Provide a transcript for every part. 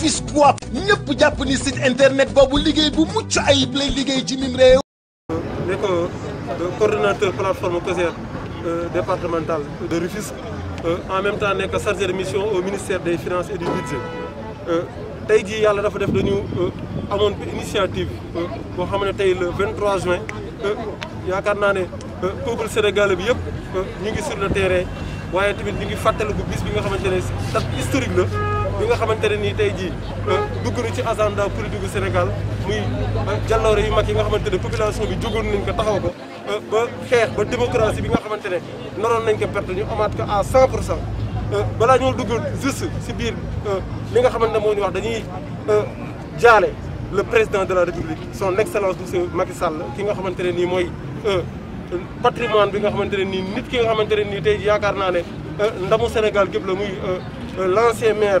fils quoi ñëpp japp ni site internet bobu liggéey bu mucc ayib lay liggéey ci mim réew ne ko euh, coordonnateur plateforme COSER euh, départemental de Rufisque euh, en même temps nekk chargé de mission au ministère des finances et du budget tay ji yalla dafa def dañu amone initiative bo xamné tay le 23 juin yaakaar naa ne peuple sénégalais bi yëpp ñu ngi sur le terrain waaye tamit ñu ngi fàttaliku bis bi nga xamante ne date historique la bi nga xamante ne nii tey jii euh, dugg na ci agenda politique du Sénégal muy euh, jàlloore yu mag yi nga xamante ne population bi jógoon nañ ko taxaw ko euh, ba xeex ba démocratie bi nga xamante ne naroon nañ ko perte ñu amaat ko à 100 pour cent balaa ñoo dugg juste si biir li nga xamante ne moo ñu wax dañuy jaale le président de la république son excellence monsieur Macky Sall ki nga xamante ne nii mooy patrimoine bi nga xamante ne nii nit ki nga xamante ne nii tey yaakaar naa ne ndamu Sénégal gépp la muy l'ancien maire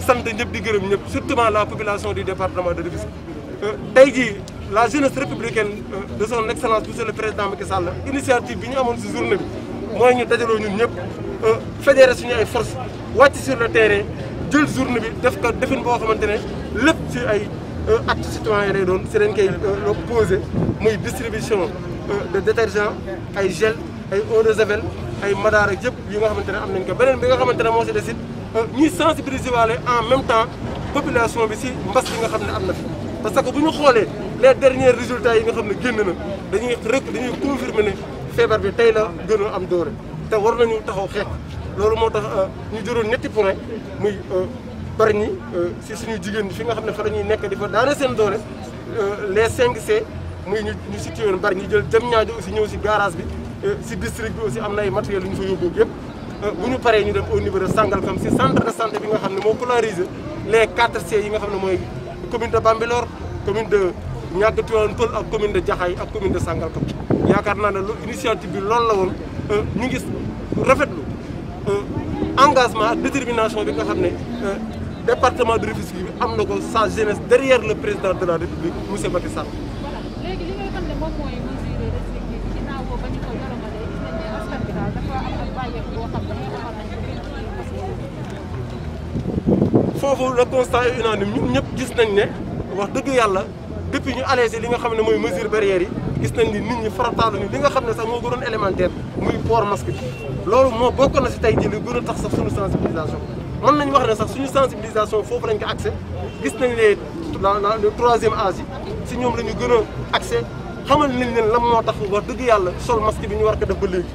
sant ñëpp di gërëm surtout la population du département de Rufisque euh, tey jii la jeunesse républicaine euh, de son excellence monsieur le président Macky Sall initiative bi ñu amoon si journée bi mooy ñu dajaloo ñun ñëpp euh, fédéré suñu ay force wàcc sur le terrain jël journée bi def ko defin boo xamante ne lépp ci ay actes citoyens lay doon si dañ koy posé muy distribution de détergent ay gel ay eau de javel ay madar ak yëpp yi nga xamantene ne am nañ ko benen bi nga xamantene mo ci si des it euh, sensibiliser waale en même temps population bi ci mbas bi nga xam ne am na fi parce que bu xolé les derniers résultats yi nga xam genn na dañuy rek dañuy confirmer né fièvre bi tay la gën am doore té war nañu taxaw xeex lolu mo tax euh, ñu juróon ñetti point muy parni euh, ci si suñu jigéen fi nga xam fa lañuy ñuy nekk di fa daana seen doore les 5 C muy ñu ñu situé woon bari ñi jël jëm ñaajo aussi ñew ci garage bi Euh, si district bi am na ay matériel yu ñu fa yóbbu yëpp euh, bu ñu paree ñu dem au niveau de Sangalkam si centre de santé bi nga xam ne moo polarisé les quatre C yi nga xam ne mooy commune de Bambilor commune de Niaga Tivaouane Peulh ak commune de Jaxaay ak commune de Sangalkam yaakaar naa ne lu initiative bi loolu la woon euh, ñu ngi rafetlu engagement ak détermination bi nga xam ne département de Rufisque bi am na ko sa jeunesse derrière le président de la République monsieur Macky Sall foofu le constat naa unanime ñun ñëpp gis nañ ne wax dëgg yàlla depuis ñu allégé li nga xam ne mooy mesure barrière yi gis nañ ni nit ñi farataalu ñu li nga xam ne sax moo gënoon élémentaire muy port masque loolu moo bokk na si tey jii lu gën a tax sax suñu sensibilisation mën nañ wax ne sax suñu sensibilisation foofu lañ ko accès gis nañ les le troisième âge yi si ñoom la ñu gën a accès xamal nañ leen lan moo tax wax dëgg yàlla sol masque bi ñu war ko def ba léegi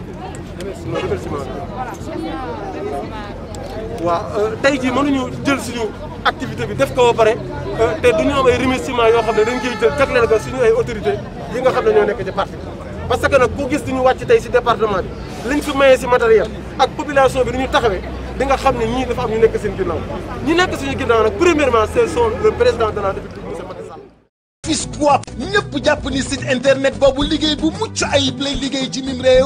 waaw euh, tey jii mënuñu jël suñu activité bi def ko ba pare euh, te duñu am ay remerciements yoo xam ne dañ koy jël jagleel ko suñu ay autorité yi nga xam ne ñoo nekk ci parti parce que nag ku gis duñu wàcc tey si département bi liñ fi mayee si matériel ak population bi ni ñu taxawee di nga xam ne ñii dafa am ñu nekk seen ginnaaw ñu nekk suñu ginnaaw nag premièrement c'est son le président de la République monsieur Macky Sall FISPOIP jàpp ni site internet boobu liggéey bu mucc lay liggéey ci mim